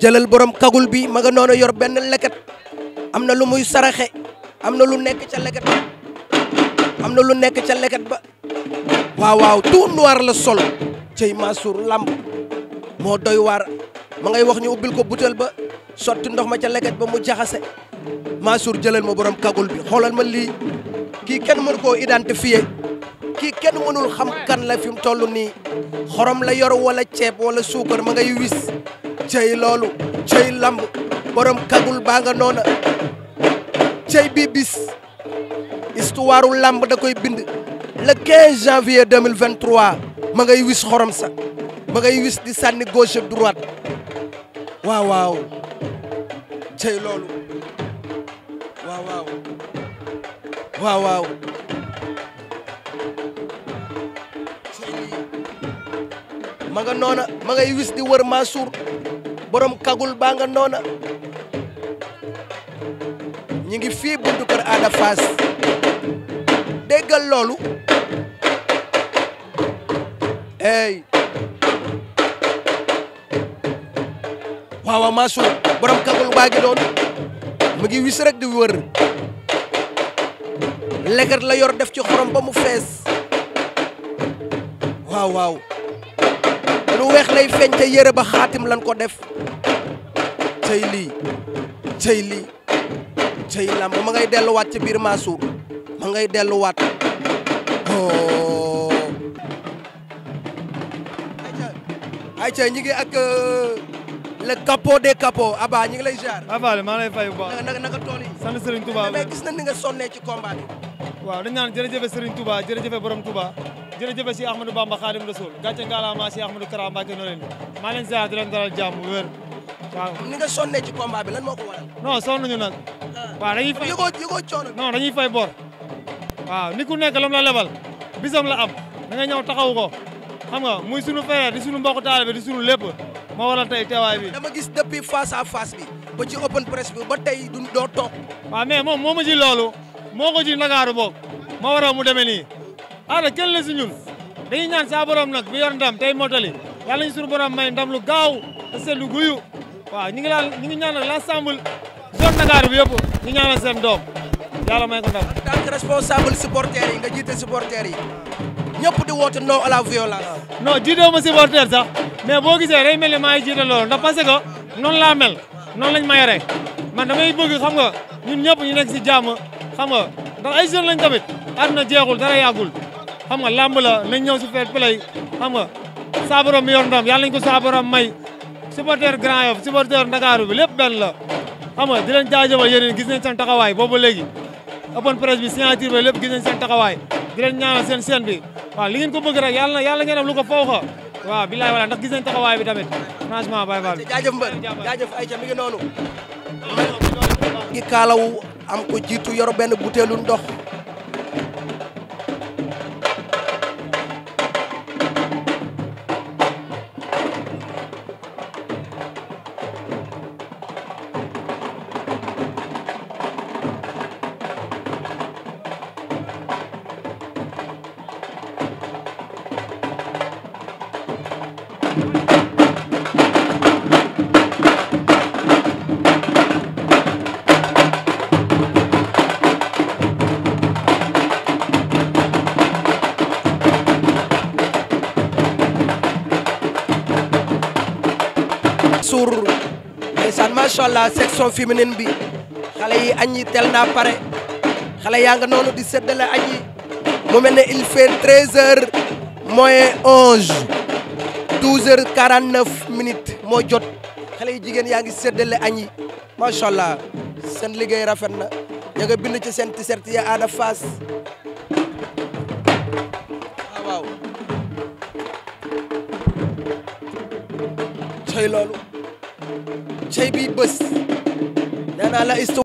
jëlal borom kagul bi ma nga yor benn leket am na lu muy saraxe am na lu nekk ca leket am na lu nekk ca leket ba waaw waaw tout noir la solo cey Mansour làmb moo doy waar ma ngay wax ñu ubbil ko butéel ba sotti ndox ma ca leket ba mu jaxase Mansour jëlal ma borom kagul bi xoolal ma lii kii kenn mënu koo identifier kii kenn mënul xam kan la fi mu toll nii xorom la yor wala ceeb wala suukar ma wis cey loolu cey lamb borom kagul baa nga noona cey bii bis lamb da koy bind le 15 janvier 2023 ma ngay wis xorom sa ma ngay wis di sànni gauche ak waaw waaw cey loolu waaw waaw waaw ma nga noona ma ngay wis di wër Mansour borom kagul baa nga noona ñi ngi fii buntu kër Ada déggal loolu ey waaw Mansour borom kagul baa ngi noonu mu ngi wis rek di wër leget la yor def ci xorom ba mu fees waaw waaw lu weex lay feeñ te yére ba xaatim lan ko def cëy li cëy li cëy làmb ma ngay delluwaat ci biir Mansour ma ngay delluwaat oh. ay cëy ñi ngi ak euh, le capot des capots Abba ñi ngi lay ziar. Abba maa lay fay bu baax naka naka tool yi. sant Serigne Touba gis na ni nga sonnee ci combat bi. waaw dañ naan jërëjëf Serigne Touba jërëjëf borom tubaa jërëjëfe si Ahmadou Bamba Khadim Rasoul gàcce ngaalaamaa si Ahmadou Kara Mbacké noo leen di maa leen ziar di leen dalal jàmm wér bi lan moo ko waral non ah. fay bor waaw ni ku nekk lam la lebal bisam la am da ñaw ñëw taxaw ko xam nga muy sunu frère di sunu mbokk taalibe di sunu lépp moo waral tey teewaay bi dama gis depuis face à face bi ba ci open press bi ba tey du doo toog waaw mais moom moo ma ji loolu moo ko ji Ndakaaru boog moo waral mu demee aada kenn la si ñun dañuy ñaan saa borom nag bi yor ndam tey motali yàlla ñu suñu borom may ndam lu gaaw se seetlu guyu waaw ñu ngi laal ñu ngi ñaanal l'ensemble zone Dakar bi yëpp ñu ñaanal seen doom yàlla may ko ndam. en tant que responsable supporter yi nga jiite supporter yi ñëpp di woote non à la violence. non jiite ma supporter sax mais boo gisee rey mel ni maa ngi jiite loolu ndax parce que noonu laa mel noonu lañ ma yore man damay bëgg xam nga ñun ñëpp ñu nekk si jàmm xam nga ay jeunes lañ tamit àdduna jeexul dara yàggul. xam nga làmb la nañ ñëw si fair play xam nga saa borom mi yor ndam yàlla nañ ko saa borom may supporter Grand Yoff supporter Ndakaaru bi lépp benn la xam nga di leen jaajëfal yéen gis nañ seen taxawaay boobu léegi open presse bi signature bi lépp gis nañ seen taxawaay di leen ñaanal seen seen bi waa li ngeen ko bëgg rek yàlla na yàlla ngeen am lu ko fooxa waaw bilaay wala taxawaay bi tamit franchement bay baal jaajëf mbër jaajëf Aïcha mi ngi noonu ngi kaalawu am ko jiitu yor benn buteelu ndox suur ndeysaan macha allah section féminine bi xale yi añ yi tel naa pare xale yaa nga noonu di séddale añ yi mu mel ne il fait 13 douze heures quarante neuf minutes moo jot xale yu jigéen yaa ngi séddale añ yi macha allah seen liggéey rafet na ña nga bind ci seen t-shirt ya Ada Fass waaw waaw cey loolu cey bi bés nee naa